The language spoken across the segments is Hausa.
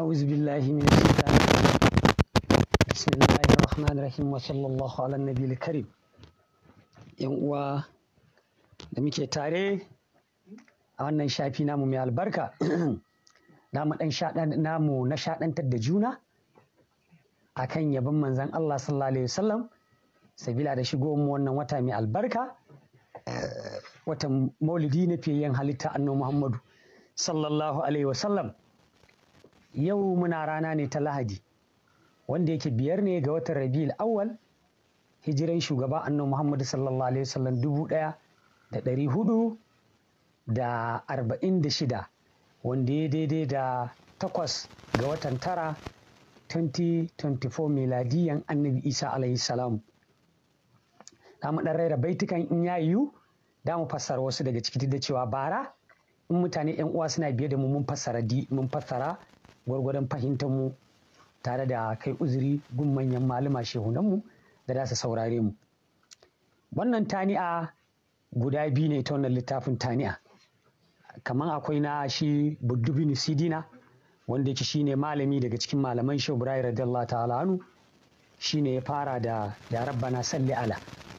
أعوذ بالله من الشيطان بسم الله الرحمن الرحيم وصلى الله على النبي الكريم yan uwa da muke tare a wannan shafi namu mai albarka namu namu na shaɗantar da juna akan yabon manzon Allah sallallahu alaihi wasallam sabila da shigo mu wannan wata mai albarka watan maulidi na fiye yin halitta annabi Muhammadu sallallahu alaihi wasallam yau muna rana ne ta lahadi wanda yake biyar ne ga watan rabi'ul awwal hijiran shugaba annabi muhammadu sallallahu alaihi wasallam dubu ɗaya da dari hudu da arba'in da shida wanda ya daidai da takwas ga watan tara 2024 miladiyan annabi isa alaihi salam da mu ɗan raira baitukan in ya yiwu da mu fassara wasu daga ciki da cewa bara in mutane yan uwa suna biye da mu mun fassara gwargwadon fahimtar mu tare da kai uzuri gun manyan malama shehunanmu da za su saurare mu wannan tani'a guda biyu ne ta wannan littafin tani'a kamar akwai na shi buddubin sidina wanda yake ne malami daga cikin malaman shehu ibrahim radiyallahu ta'ala anu ne ya fara da ya rabbana salli ala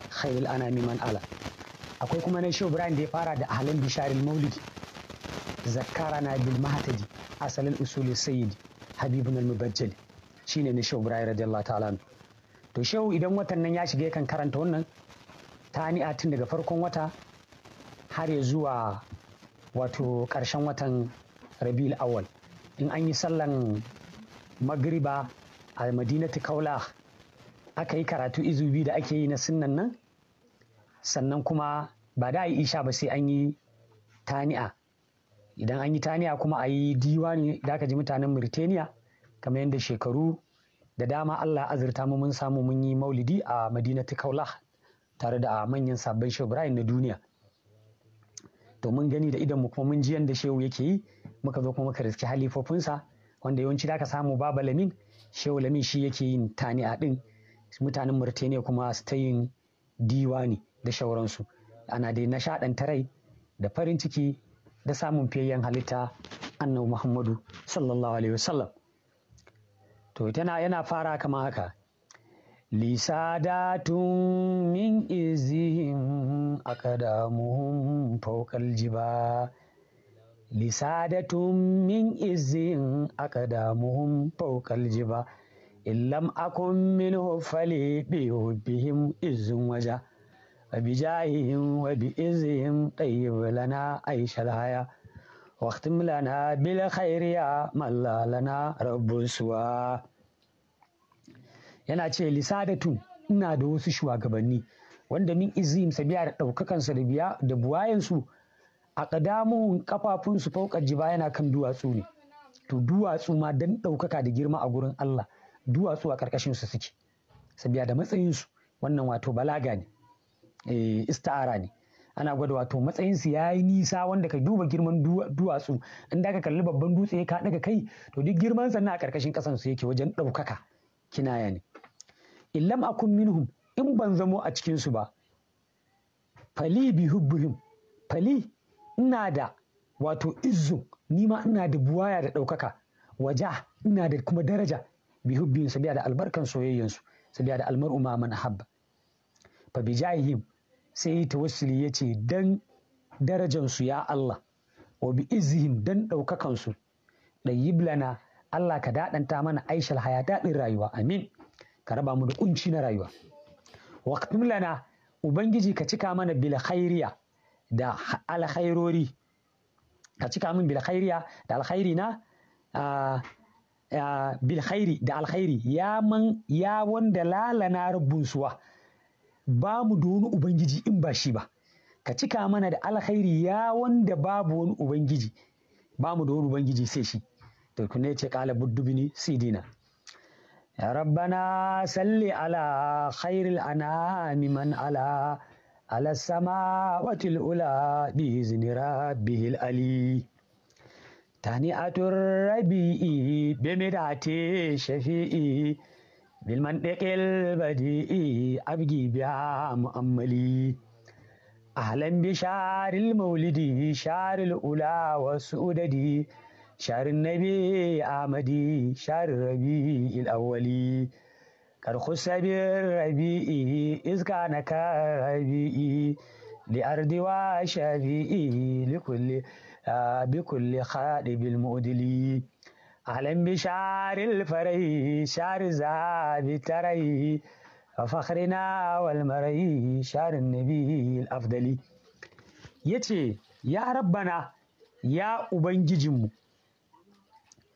khayil ana miman ala akwai kuma na shehu ibrahim da ya fara da ahalin bisharin maulidi zakarana bil asalin usulin sayid Habibu na mubajjal shine na shehu ibrahim radiyallahu ta'ala to shehu idan watan nan ya shiga yakan karanta wannan tani'a tun daga farkon wata har ya zuwa wato karshen watan rabi'ul awal in an yi sallan magriba a madinatu kaula aka yi karatu izubi da ake yi na sunnan nan sannan kuma ba da yi isha ba sai an yi tani'a idan an yi taniya kuma a yi diwa ne da ka ji mutanen Mauritania kamar yadda shekaru da dama Allah azurta mu mun samu mun yi maulidi a madinatu kaula tare da manyan sabbin shehu na duniya to mun gani da idan mu kuma mun ji yadda shehu yake yi muka zo kuma muka riski halifofinsa wanda yawanci da ka samu baba lamin shehu lamin shi yake yin taniya din mutanen Mauritania kuma su ta yin ne da shauransu ana dai nishaɗanta rai da farin ciki da samun fiyayyen halitta annabi Muhammadu sallallahu alaihi wasallam to tana yana fara kama haka lisadatun min izihim aqdamuhum fawqal jiba lisadatun min izihim aqdamuhum fawqal jiba illam akun minhu fali bihim hubbihim izun waja فبجاههم وبإذهم طيب لنا عيش yana ce lisadatu ina da wasu shugabanni wanda min izim sabiya da ɗaukakansa da biya da buwayensu a ƙadamuhun kafafunsu fauka jiba yana kan duwatsu ne to duwatsu ma dan ɗaukaka da girma a gurin Allah duwatsu a ƙarƙashinsu suke sabiya da matsayinsu wannan wato balaga ne Eh, istara ne ana gwada wato matsayinsu ya yi nisa wanda ka duba girman duwatsu in da ka kalli babban dutse ka daga kai to duk girman sannan a ƙarƙashin ƙasan su yake wajen ɗaukaka kinaya ne illam akun minhum in ban zamo a cikin su ba fali bi hubbuhum fali ina da wato izzu nima ma ina da buwaya da ɗaukaka waja ina da kuma daraja bi hubbin sabiya da albarkan soyayyansu sabiya da almar'u ma man habba fa bijahihim sai yi tawassuli ya ce dan darajansu ya Allah wa bi izihim dan ɗaukakansu ɗayyib lana Allah ka daɗanta mana aishal haya daɗin rayuwa amin ka raba mu da kunci na rayuwa wa lana ubangiji ka cika mana bil da alkhairori ka cika min bil da alkhairi na bil khairi da alkhairi ya wanda lalana suwa ba mu da wani ubangiji in ba shi ba ka cika mana da alkhairi ya wanda babu wani ubangiji ba mu da wani ubangiji sai shi to kuma ce kala buddubini sidina ya rabbana salli ala khairil anami man ala ala sama, watil ula bi izni rabbihil ali tani atur rabi'i bemedate shafi'i بالمنطق البديء أبقي بها مؤملي أهلا بشعر المولد شعر الأولى وسؤددي شعر النبي أحمدي شعر الربيع الأولي كرخص بالربيع إذ كان كربيع لأرض وشفيع لكل آه، بكل خاطب المؤدلي أهلا بشعر الفري شعر ذهب تري وفخرنا والمري شعر النبي الأفضلي يتي يا ربنا يا أبنججم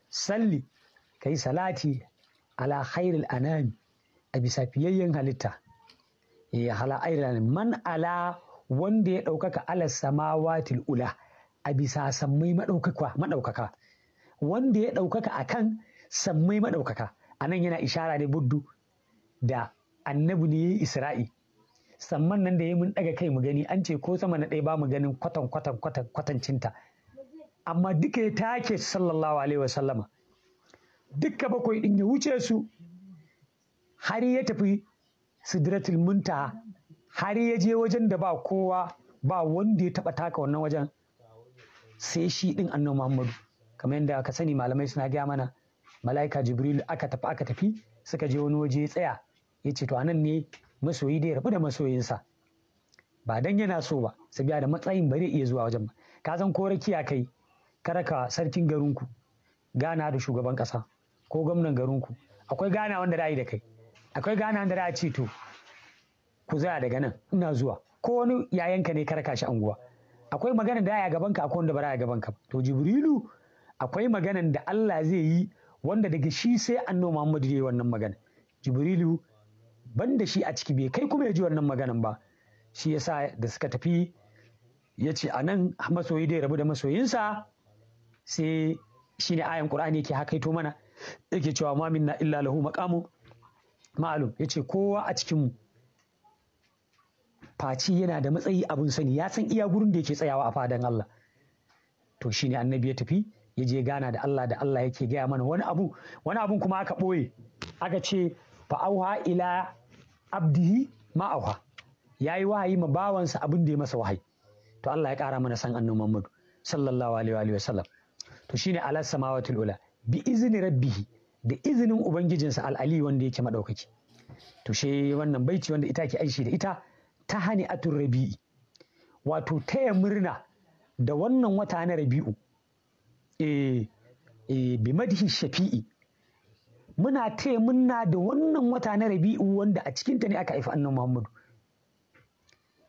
salli ka yi salati ala khairil anami a bisa fiyayyen halitta ya hala man ala wanda ya ɗaukaka ala samawatil ula a bisa maɗaukaka wanda ya ɗaukaka a kan sammai maɗaukaka a nan yana ishara ne buddu da annabi ne ya yi isra'i samman nan da ya mun ɗaga kai mu gani an ce ko sama na ɗaya ba mu ganin kwatan kwatan kwatan cinta amma duka ya take sallallahu alaihi wasallama duka bakwai ɗin ya wuce su har ya tafi sidratul munta har ya je wajen da ba kowa ba wanda ya taɓa taka wannan wajen sai shi ɗin annabi muhammadu kamar yadda aka sani malamai suna gaya mana mala'ika jibril aka tafi aka tafi suka je wani waje ya tsaya ya ce to nan ne masoyi da ya rabu da masoyinsa ba dan yana so ba biya da matsayin ba zai iya zuwa wajen ba ka zan ko rakiya kai ka sarkin garinku gana da shugaban kasa ko gwamnan garinku akwai gana wanda yi da kai akwai gana wanda ra'ayi ce to ku zaya daga nan ina zuwa ko wani yayanka ne ka shi anguwa akwai magana da ya gaban ka akwai wanda ba ya gaban ka to jibrilu akwai maganan da Allah zai yi wanda daga shi sai annabi Muhammad ya yi wannan magana Jibrilu ban da shi a ciki bai kai kuma ya ji wannan maganan ba shi yasa da suka tafi ya ce a nan masoyi dai rabu da masoyinsa sai shi ne ayan ƙur'ani yake hakaito mana yake cewa ma minna illa lahu maqamu ma'alum yace kowa a cikin faci yana da matsayi abun sani ya san iya gurin da yake tsayawa a fadan Allah to shine annabi ya tafi ya je gana da Allah da Allah yake gaya mana wani abu wani abun kuma aka ɓoye aka ce fa'auha ila abdihi ma'auha ya yi wahayi ma bawansa abin da ya masa wahayi to Allah ya ƙara mana san annabi Muhammad sallallahu alaihi wa sallam to shine ala samawatul ula bi izni rabbihi da izinin ubangijinsa al'ali wanda yake madaukaki to she wannan baiti wanda ita ke aishi da ita ta hani atur rabi'i wato taya murna da wannan wata na rabi'u Eh, eh bi shafi'i muna taya munna da wannan wata na rabi'u wanda a cikinta ne aka haifi annan muhammadu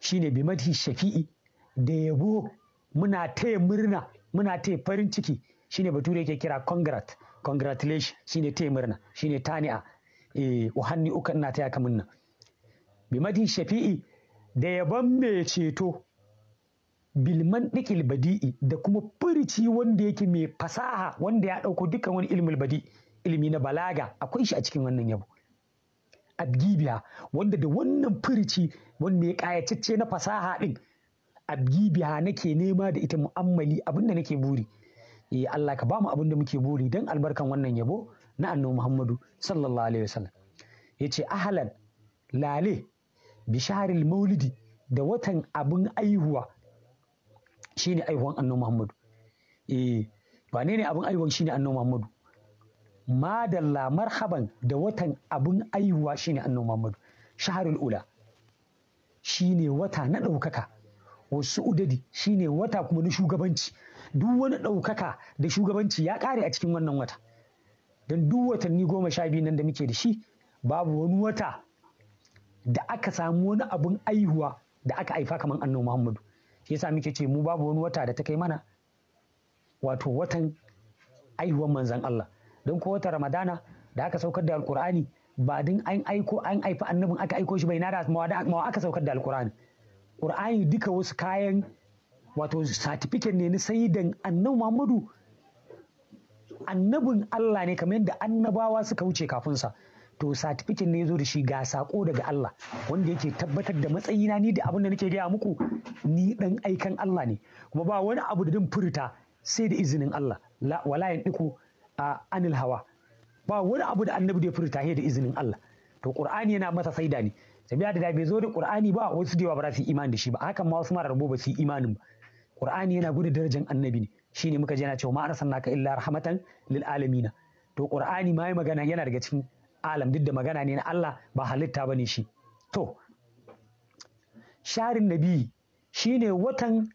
shine bi shafi'i da yabo muna taya murna muna taya farin ciki shine bature yake kira congrat congratulation shine taya murna shine tani'a eh uhanni uka ina taya ka munna. bi shafi'i da yabon mai ceto bilman ɗikil badi'i da kuma furici wanda yake mai fasaha wanda ya ɗauko dukkan wani ilmul badi ilmi na balaga akwai shi a cikin wannan yabo abgibiya wanda da wannan furici wanda ya na fasaha ɗin abgibiya nake nema da ita mu'ammali abinda nake buri eh Allah ka bamu abinda muke buri dan albarkan wannan yabo na annabi Muhammadu sallallahu alaihi wasallam yace ahlan lale bisharil maulidi da watan abin aihuwa shine aihuwan annu Muhammadu eh ba ne ne abin aihuwan shine annu Muhammadu madalla marhaban da watan abin aihuwa shine annu Muhammadu shaharul ula shine wata na ɗaukaka wasu udadi shine wata kuma na shugabanci duk wani ɗaukaka da shugabanci ya kare a cikin wannan wata don duk watanni goma sha biyu nan da muke da shi babu wani wata da aka samu wani abin aihuwa da aka haifa kamar annu Muhammadu shi yasa muke ce mu babu wani wata da ta kai mana wato watan aihuwan manzan Allah don ko wata ramadana da aka saukar da alkur'ani ba din an aiko an aifi annabin aka aiko shi bai nada mawa aka saukar da alkur'ani qur'ani duka wasu kayan wato satifiket ne na sayyidan annabi Muhammadu annabin Allah ne kamar yadda annabawa suka wuce kafin sa to satifikin ne ya zo da shi ga sako daga Allah wanda yake tabbatar da matsayina ni da abin da nake gaya muku ni dan aikan Allah ne kuma ba wani abu da din furta sai da izinin Allah wala yan diku a anil hawa ba wani abu da annabi da ya sai da izinin Allah to qur'ani yana masa saida ne sai da da bai zo da qur'ani ba wasu da ba za su yi imani da shi ba hakan ma wasu mara rabo ba su yi imanin ba qur'ani yana gudu darajar annabi ne shine muka je na cewa ma arsalnaka illa rahmatan lil alamin to qur'ani ma magana yana daga cikin alam duk da magana ne na Allah ba halitta ba ne shi to sharin nabi shine watan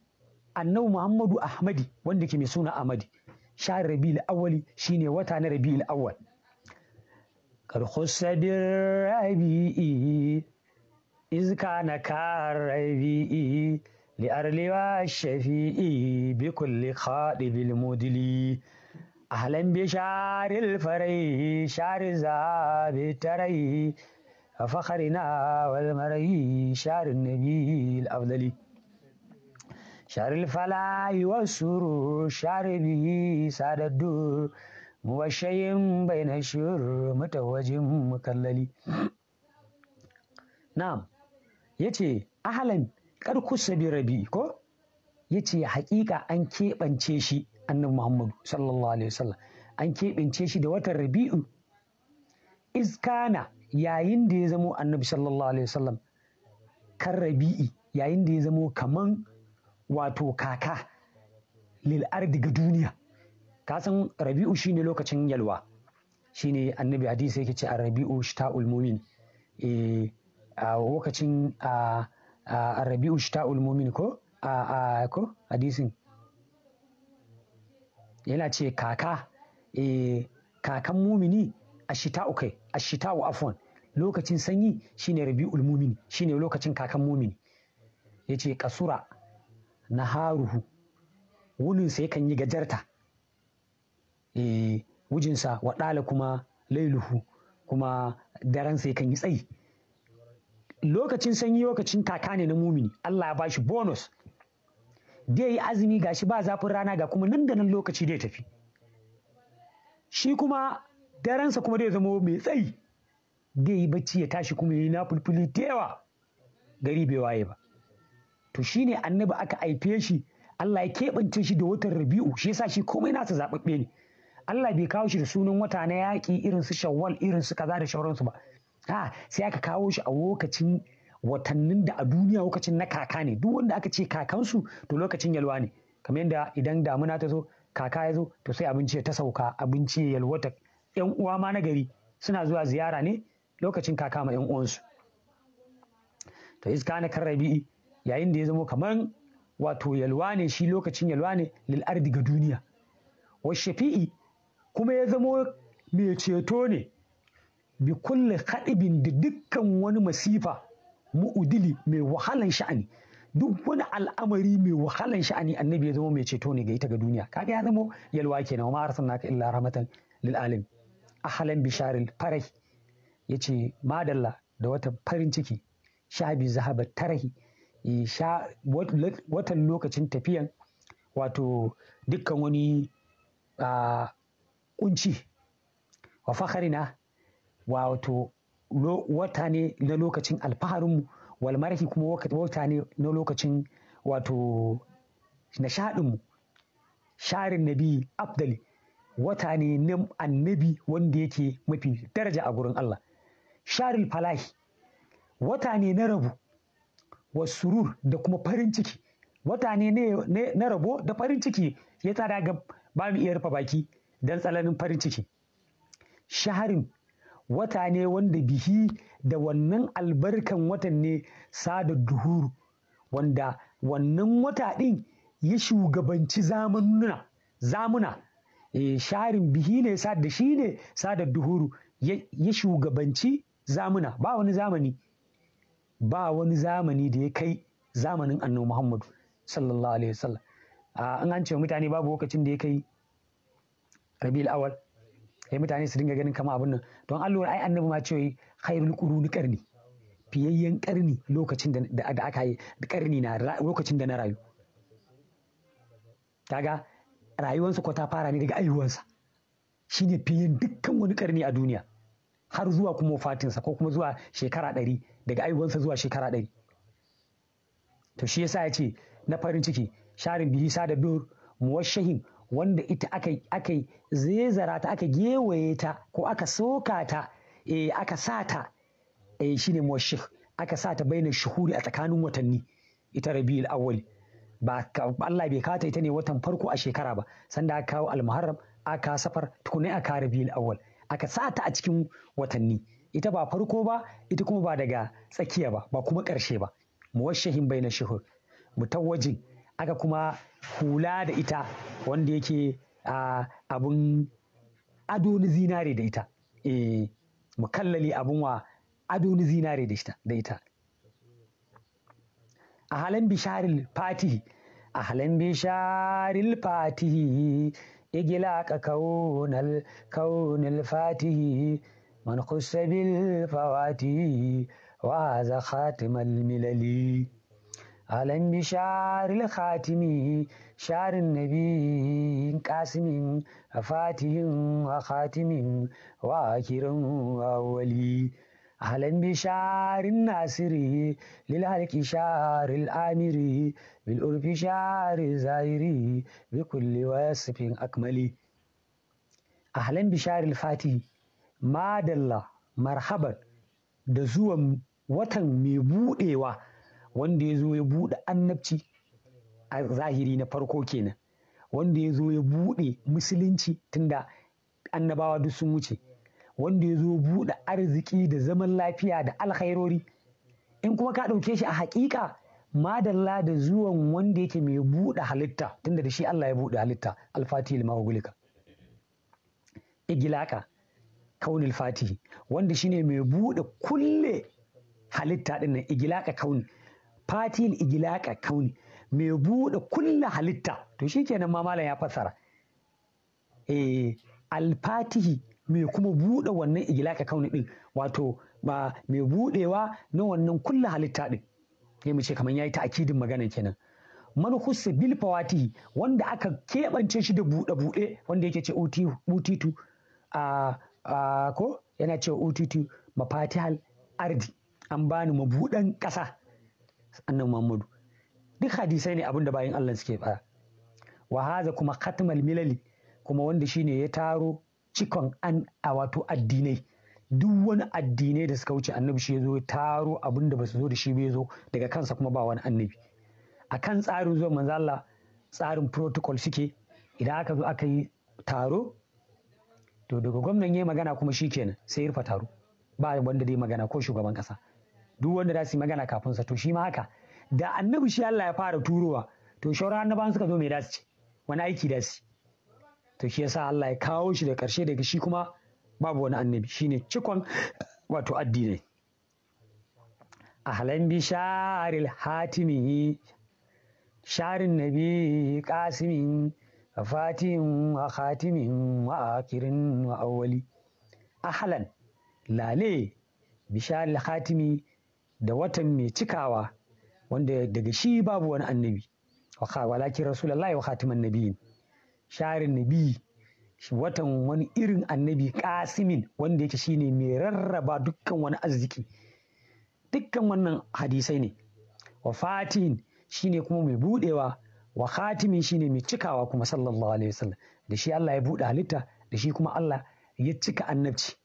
annabi Muhammadu Ahmadi wanda ke mai suna Ahmadi sharin rabi'ul awwali shine wata na rabi'ul awwal kar khusadin rabi'i iz kana karabi'i li arliwa shafi'i bi kulli bil mudili ahlan bi sharil farai sharza bi tarai fakharina wal marai sharin nabil afdali sharil falai wasuru sharibi sadaddu muwashayin baina shur mutawajin mukallali na'am yace ahlan karkus sabirabi ko yace haƙiƙa an keɓance shi annabi Muhammadu sallallahu alaihi wasallam an keɓince shi da watan Rabi'u iskana yayin da ya zamo annabi sallallahu alaihi wasallam kan Rabi'i yayin da ya zamo kaman wato kaka lil ardi ga duniya ka san Rabi'u shine lokacin yalwa shine annabi hadisi yake ce Rabi'u shita'ul mumin eh a lokacin a Rabi'u shita'ul mumin ko a ko hadisin yana ce kaka e, kakan mumini a shita ukai a shita wa afwan lokacin sanyi shine rabi'ul mumini shine lokacin kakan mumini yace kasura na haruhu wuninsa yakan yi gajarta e, wujinsa waɗala kuma lailuhu kuma daransa yakan yi tsayi lokacin sanyi lokacin kaka ne na mumini Allah ya bashi bonus dai yi azumi ga shi ba zafin rana ga kuma nan da nan lokaci dai tafi shi kuma daransa kuma dai zama mai tsayi dai yi bacci ya tashi kuma yi na fulfuli da yawa gari bai waye ba to shi ne annabi aka haife shi Allah ya keɓance shi da watan Rabi'u shi yasa shi komai nasa zaɓaɓɓe ne Allah bai kawo shi da sunan wata na yaƙi irin su Shawwal irin su kaza da shauransu ba ha sai aka kawo shi a lokacin watannin da a duniya lokacin na kaka ne duk wanda aka ce kakansu to lokacin yalwa ne kamar yadda idan damuna ta zo kaka ya zo to sai abinci ta sauka abinci ya yalwata yan uwa ma na gari suna zuwa ziyara ne lokacin kaka ma yan uwansu to iska na kan yayin da ya zama kamar wato yalwa ne shi lokacin yalwa ne lil ardi ga duniya wa shafi'i kuma ya zamo mai ceto ne bi kulli haɗibin da dukkan wani masifa mu'udili mai wahalan sha'ani duk wani al'amari mai wahalan sha'ani annabi ya zama mai ceto ne ga ita ga duniya kaga ya zama yalwa kenan ma naka illa rahmatan lil alamin ahlan bisharil farahi yace madalla da wata farin ciki Sha bi zahabat tarahi watan lokacin tafiyan wato dukkan wani ah, kunci wa fakharina wato wata ne na lokacin alfaharinmu wal kuma wata ne na lokacin wato nishaɗinmu sharin nabi abdali wata ne na annabi wanda yake mafi daraja a gurin Allah Sharin falahi wata ne na rabu wa surur da kuma farin ciki wata ne na rabo da farin ciki ya tsada ga ba mu iya rufe baki don tsananin farin ciki shaharin wata ne wanda bihi da wannan albarkan watan ne sada duhuru wanda wannan wata ɗin ya shugabanci zamuna zamuna eh, sharin bihi ne sada shi ne sada duhuru ya shugabanci zamuna ba wani zamani ba wani zamani da ya kai zamanin annabi muhammadu sallallahu alaihi wasallam ah, an ce mutane babu lokacin da ya kai rabi'ul awal sai mutane su dinga ganin kama abin nan don an lura ai annabi ma cewa khairul quruni karni fiyayyen karni lokacin da aka yi karni na lokacin da na rayu kaga rayuwarsa ko ta fara ne daga ayyuwansa shine fiyayyen dukkan wani karni a duniya har zuwa kuma fatinsa ko kuma zuwa shekara ɗari daga ayyuwansa zuwa shekara ɗari to shi yasa ya ce na farin ciki sharin bihi sada dur muwashahin wanda ita aka zezara ta aka gewaye ta ko aka soka ta e, aka sa ta e, shine aka sa ta baina shuhuri a tsakanin watanni ita rabi awwal ba Allah bai kata ita ne watan farko a shekara ba sanda aka kawo almuharram aka safar tukunai aka rabi awwal aka sa ta a cikin watanni ita ba farko ba ita kuma ba daga tsakiya ba ba kuma ƙarshe ba muwashahin baina shuhur mutawajin aka kuma hula da ita wanda yake a ado na zinare da ita eh mukallali abin wa ado na zinare da ita a halin bisharil fatihi a halin bisharil fatihi kaunal كون fati man من fawati wa za khatimal milali. ألم بشار الخاتمي شار النبي قاسم فاتح وخاتم واخر وأولي أهلا بشار الناصر للهلك شار الآمر بالأرب شار الزائر بكل وصف أكمل أهلا بشار الفاتح ما دلا مرحبا دزوم وطن مبوئي mai wanda ya zo ya buɗe annabci a zahiri na farko kenan wanda ya zo ya buɗe musulunci tunda annabawa duk sun wuce wanda ya zo buɗe arziki da zaman lafiya da alkhairori in kuma ka ɗauke shi a haƙiƙa madalla da zuwan wanda yake mai buɗe halitta tunda da shi Allah ya buɗe halitta alfatihi lima gulika igilaka kaunil fatihi wanda shine mai buɗe kulle halitta ɗin nan igilaka kauni fatil igilaka kauni mai buɗe kulla halitta to shikenan ma malam ya fassara eh alfatihi mai kuma buɗe wannan igilaka kauni din wato ba mai buɗewa na wannan kulla halitta din ya mu ce kamar yayi akidin magana kenan man husse bil fawatihi wanda aka keɓance shi da buɗe buɗe wanda yake ce utitu a ko yana ce utitu mafatihal ardi an bani mabudan ƙasa annabi Muhammadu duk hadisai ne abinda bayan Allah suke faɗa wa haza kuma khatmal milali kuma wanda shine ya taro cikon an a wato addinai duk wani addinai da suka wuce annabi shi ya zo taro abinda ba su zo da shi ba ya zo daga kansa kuma ba wani annabi akan kan tsarin zuwa manzo Allah tsarin protocol suke idan aka zo aka yi taro to daga gwamnan ya magana kuma shi kenan sai ya rufe taro ba wanda zai magana ko shugaban kasa duk wanda za su yi magana kafin sa to shi ma haka da annabi shi Allah ya fara turowa to shauran annaban suka zo mai dasu ce wani aiki dasu to shi yasa Allah ya kawo shi da karshe daga shi kuma babu wani annabi shine cikon wato addini ahlan bi sharil hatimi sharin nabi qasimin fatim wa khatimin wa akirin wa awwali ahlan lale bi sharil hatimi da watan mai cikawa wanda daga shi babu wani annabi walakin rasulallah wa khatiman nabiyin sharin nabi watan wani irin annabi kasimin wanda yake shine mai rarraba dukkan wani arziki dukkan wannan hadisai ne wa shi shine kuma mai budewa wa khatimin shine mai cikawa kuma sallallahu alaihi wasallam da shi Allah ya buɗe halitta da shi kuma Allah ya cika annabci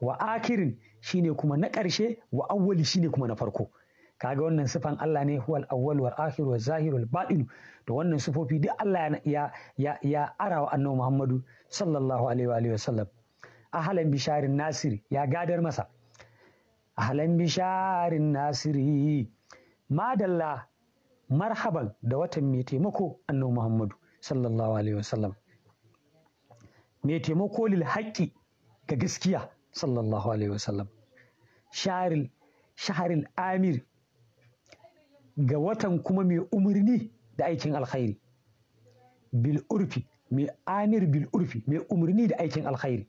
wa akirin shine kuma na ƙarshe wa awwali shine kuma na farko kaga wannan sifan Allah ne huwal awwal wal akhir wal zahir wal batin da wannan sifofi duk Allah ya ya ya arawa annabi Muhammadu sallallahu alaihi wa alihi wasallam ahalan bisharin nasiri ya gadar masa ahalan bisharin nasiri madalla marhaban da watan mai taimako annabi Muhammadu sallallahu alaihi wasallam mai taimako lil haqqi ga gaskiya sallallahu alaihi wasallam shaharil amir ga watan kuma mai umarni da aikin alkhairi bil urfi mai amir bil urfi mai umarni da aikin alkhairi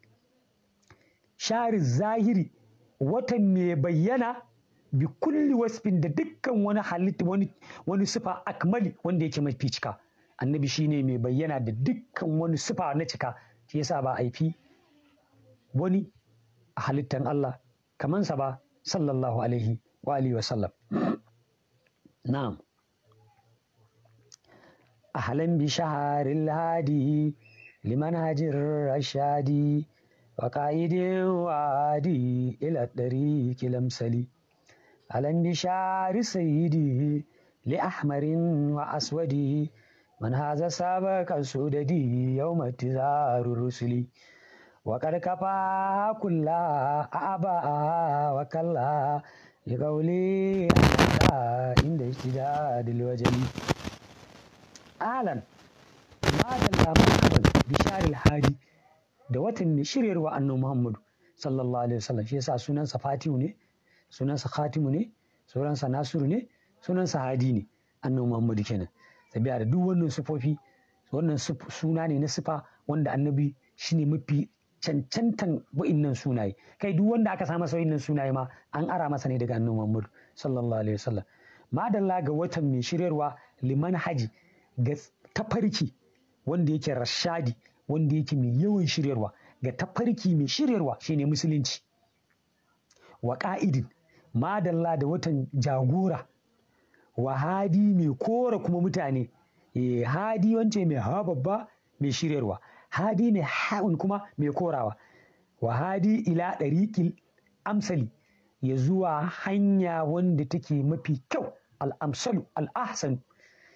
sharil zahiri watan mai bayyana bi kulli wasfin da dukkan wani halitta wani wani sifa akmali wanda yake mafi cika annabi shine mai bayyana da dukkan wani sifa na cika shi yasa ba aifi wani A halittar Allah kaman sa ba sallallahu alaihi wa alihi wa sallam na'am ahlan bi shaharil hadi liman hajir rashadi wa qaidin wadi ila dari kilam sali ahlan bi shahri sayyidi li ahmarin wa aswadi man hadha sabaka sudadi yawma tizaru rusuli وقد a كل أبا وكلا لقولي عند اجتداد الوجل أهلا بعد الأمر بشار الحادي da Bishari da watan shiryarwa annu Muhammadu sallallahu alaihi wasallam shi yasa sunansa Fatihu ne sunansa Khatimu ne sunansa Nasiru ne sunansa Hadi ne annu Muhammadu kenan sabiya da duk wannan sufofi wannan suna ne na sufa, wanda annabi shine mafi cancantan wa'innan sunaye kai duk wanda aka samu sauyin sunaye ma an ara masa ne daga annabi Muhammad sallallahu alaihi wasallam madalla ga watan mai shiryarwa liman haji ga tafarki wanda yake rashadi wanda yake mai yawan shiryarwa ga tafarki mai shiryarwa shine musulunci wa ka'idin madalla da watan jagora wa hadi mai kora kuma mutane eh, hadi wance mai ha babba mai shiryarwa hadi mai ha'un kuma mai korawa wa hadi ila ɗariƙil amsali ya zuwa hanya wanda take mafi kyau al'amsalu al'ahsan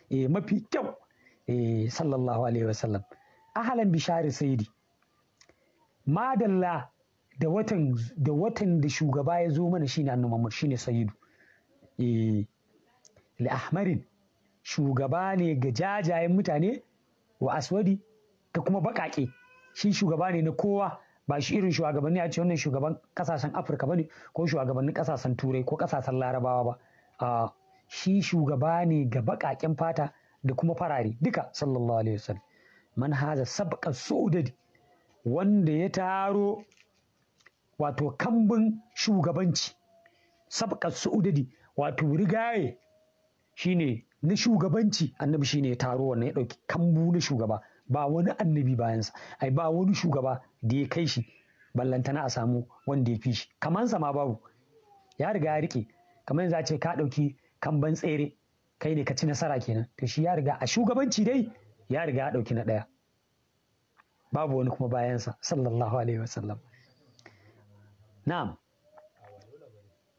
eh, mafi kyau eh, sallallahu alaihi wasallam ahalan bishari saidi madalla da watan da watan da shugaba ya zo mana shine annu mamur shine sayidu eh li ahmarin shugaba ne ga jajayen mutane wa aswadi da kuma baƙaƙe shi shugaba ne na kowa ba shi irin shugabanni a ce wannan shugaban kasashen afirka bane ko shugabannin kasashen turai ko kasashen larabawa ba shi shugaba ne ga baƙaƙen fata da kuma farare duka sallallahu alaihi wasallam man haza sabqa sudadi wanda ya taro wato kambun shugabanci sabqa sudadi wato rigaye shine na shugabanci annabi shine ya taro wannan ya dauki kambu na shugaba ba wani annabi bayansa ai ba wani shugaba da ya kai shi ballantana a samu wanda ya fi shi kamansa ma babu ya riga ya rike kamar yanzu a ce ka ɗauki kamban tsere kai ne ka ci nasara kenan to shi ya riga a shugabanci dai ya riga ya ɗauki na ɗaya babu wani kuma bayansa sallallahu alaihi wasallam na'am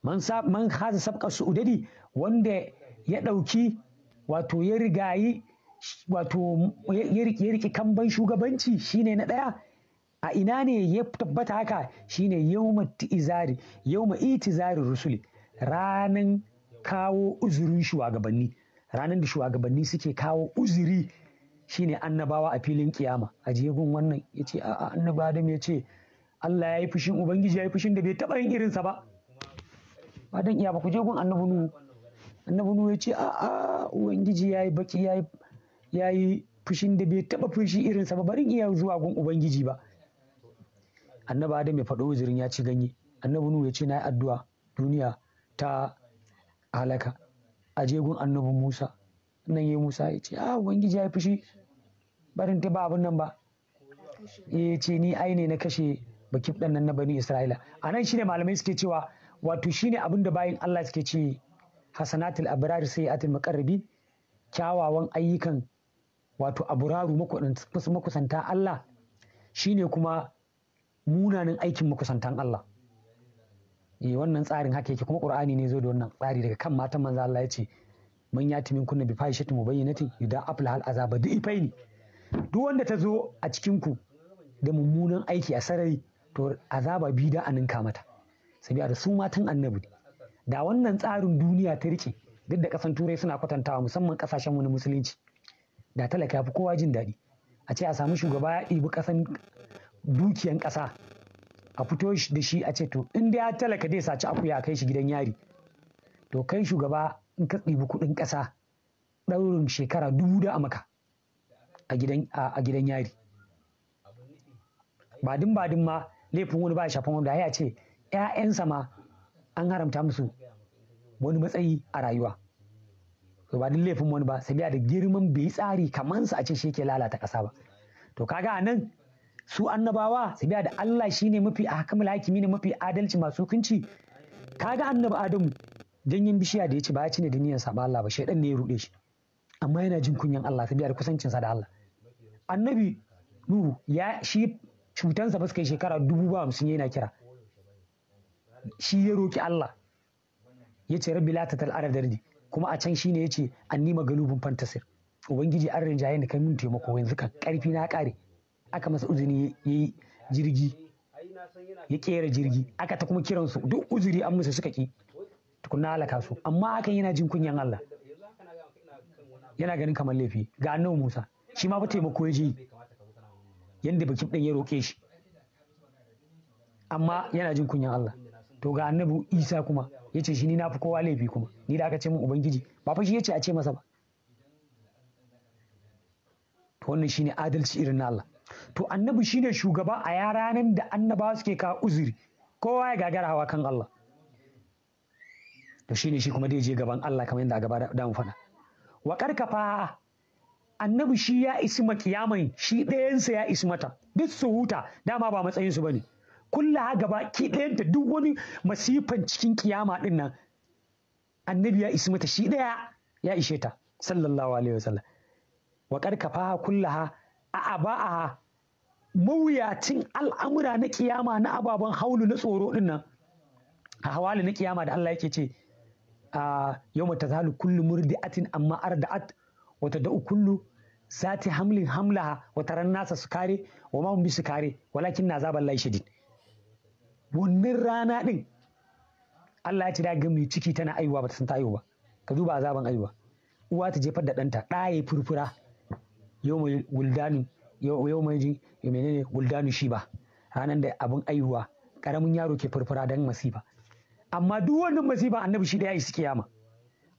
man sa man haza sabqa su'udadi wanda ya ɗauki wato ya rigayi wato ya riƙe kamban shugabanci shine na ɗaya a ina ne ya tabbata haka shine yawma izari yawma itizari rusuli ranan kawo uzurin shugabanni ranan da shugabanni suke kawo uzuri shine annabawa a filin kiyama a jegun wannan ce a annaba adam ce. Allah ya yi fushin ubangiji ya yi fushin da bai taɓa yin irinsa ba ba dan iya ba ku je gun annabi nuhu ya ce a a ubangiji ya yi baki ya yi ya yi fushin da bai taba fushi irinsa ba barin iya zuwa gun ubangiji ba annabi adam ya faɗo uzurin ya ci ganye annabi nuhu ya ce na yi addu'a duniya ta halaka a jegun annabi musa nan ya musa ya ce ah ubangiji ya yi fushi barin ta ba abin nan ba ya ce ni ai ne na kashe baki ɗan nan na bani isra'ila a nan shine malamai suke cewa wato shine abin da bayan allah suke ce hasanatul abrar sayyatul muqarrabin kyawawan ayyukan wato aburaru makusanta Allah shine kuma munanin aikin makusantan Allah E, wannan tsarin haka yake kuma ƙur'ani ne zo da wannan tsari daga kan matan manzo Allah ya ce man yati min kunna bi fahishati mubayyinatin yuda afla hal azaba da ne. duk wanda ta zo a cikin ku da mummunan aiki a sarari to azaba bi da kamata. mata da su matan annabi da wannan tsarin duniya ta rike duk da kasan turai suna kwatantawa musamman kasashen mu na musulunci da talaka ya fi kowa jin daɗi a ce a samu shugaba ya ɗibi ƙasan dukiyan ƙasa a fito da shi a ce to in ya talaka dai saci akuya a kai shi gidan yari to kai shugaba in ka ɗibi kuɗin ƙasa ɗaurin shekara dubu da amaka a gidan yari badin badin ma laifin wani ba ya shafan wanda ya ce 'ya'yansa ma an haramta musu wani matsayi a rayuwa to ba duk laifin wani ba sai da girman bai yi tsari kamar su a ce shi yake lalata ƙasa ba to kaga a nan su annabawa sai da Allah shine mafi ahkamul hakimi ne mafi adalci masu hukunci kaga annabi Adamu ganyen bishiya da ya ci ba ya ci ne da niyyar ba Allah ba shaidan ne ya rude shi amma yana jin kunyan Allah sai da kusancinsa da Allah annabi Nuhu ya shi cutansa ba suka kai shekara dubu ba hamsin yana kira shi ya roki Allah ya ce rabbi la tatal ardardi kuma a can shi ne shine yace annima galubin fantasir ubangiji an rinjaye ni kai mun taimako yanzu ka karfi na kare aka masa uzuri yayi jirgi ya kera jirgi aka ta kuma kiran su duk uzuri an musu suka ki na halaka su amma hakan yana jin kunyan Allah yana ganin kamar laifi ga annabi Musa shi ma fa taimako ya je yanda bakin ɗin ya roƙe shi amma yana jin kunyan Allah to ga annabu Isa kuma ya ce shi ni na fi kowa laifi kuma ni da aka ce min ubangiji ba fa shi ya ce a ce masa ba to wannan shine adalci irin na Allah to annabi shine shugaba a ya da annabawa suke kawo uzuri kowa ya gagara hawa kan Allah to shine shi kuma da je gaban Allah kamar yadda a gaba da mu fada wa karkafa annabi shi ya isi makiyaman shi ɗayansa ya isi mata duk su huta dama ba matsayinsu bane kullaha gaba ki da duk wani masifan cikin kiyama ɗin nan annabi ya isi mata shi ɗaya ya ishe ta sallallahu alaihi wasallam wa karkafa kullaha a aba'aha mawuyacin al'amura na kiyama na ababen haulu na tsoro ɗin nan a hawali na kiyama da Allah yake ce a yau mata zalu kullu murdi'atin amma arda'at wata da'u kullu zati hamlin hamlaha wata ran nasa su kare wa ma bi su kare walakin na zaban lai wannan rana ɗin Allah ya ci daga mai ciki tana aiwa ba ta san ta aiwa ba ka duba azaban aiwa uwa ta jefar da ɗanta ɗaya furfura yau mai wuldanu yau mai ji menene wuldanu shi ba ranar da abin aiwa ƙaramin yaro ke furfura don masifa amma duk wannan masifa annabi shi da ya isi kiyama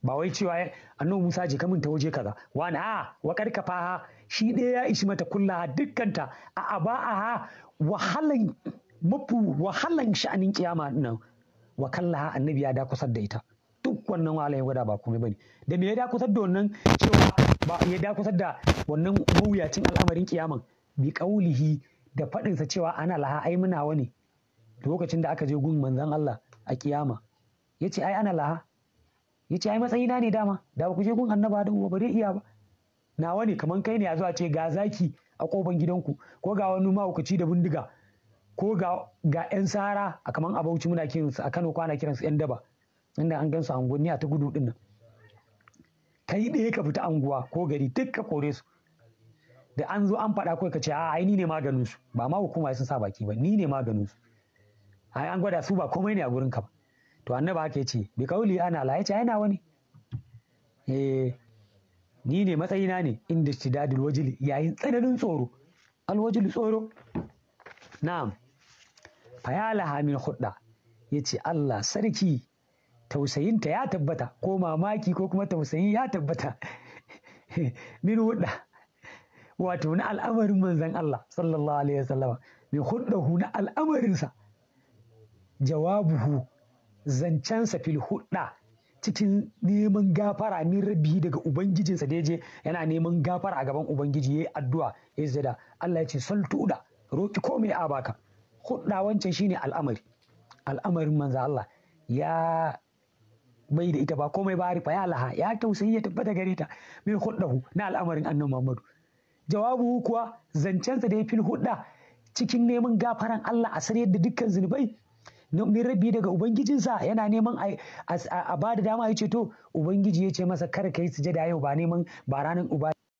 ba wai cewa annabi Musa je kamun ta waje kaza wani a wakar wa ha shi ɗaya ya ishi mata kulla dukkanta a ba a ha wahalan mafi wahalan sha'anin kiyama nan wa kallaha annabi ya dakusar da ita duk wannan wahalan ya gwada ba komai bane da me ya dakusar da wannan cewa ba ya dakusar da wannan mawuyacin al'amarin kiyaman bi kaulihi da faɗinsa cewa ana laha ai muna wani lokacin da aka je gun manzon Allah a kiyama yace ai ana laha yace ai matsayina ne dama da ba ku je gun annaba da ba bare iya ba nawa ne kaman kai ne a zuwa ce ga zaki a kofan gidanku ko ga wani mahaukaci da bindiga ko ga yan sara a kaman bauchi muna kiransu a Kano kwana kiransu yan daba inda an gan su angonni a ta gudu din nan kai ɗaya ka fita anguwa ko gari duk ka kore su da an zo an faɗa kawai ka ce a ni ne maganin su ba ma hukuma sun sa baki ba ni ne maganin su A an gwada su ba komai ne a gurin ka ba to annaba haka yace bi kauli ana la yace na wani eh ni ne matsayina ne inda dadul wajili yayin tsananin tsoro alwajili tsoro na'am fayala hamin hudda ya ce Allah sarki tausayinta ya tabbata ko mamaki ko kuma tausayi ya tabbata min hudda wato na al'amarin manzan Allah sallallahu alaihi wasallama min huddahu na al'amarinsa jawabuhu zancensa fil hudda cikin neman gafara min rabbi daga ubangijinsa da je yana neman gafara a gaban ubangiji yayi addu'a ya zada Allah ya ce saltuda roki komai a baka hudda wancan shine al'amari al'amarin manzo Allah ya bai da ita ba komai ba rifa ya laha ya tausayi ya tabbata gare ta min huddahu na al'amarin annabi Muhammadu jawabu kuwa zancensa da ya fil hudda cikin neman gafaran Allah a sare da dukkan zunubai min rabbi daga ubangijinsa yana neman a ba da dama ya ce to ubangiji ya ce masa kar ka yi sujada yau ba neman ba ranar uba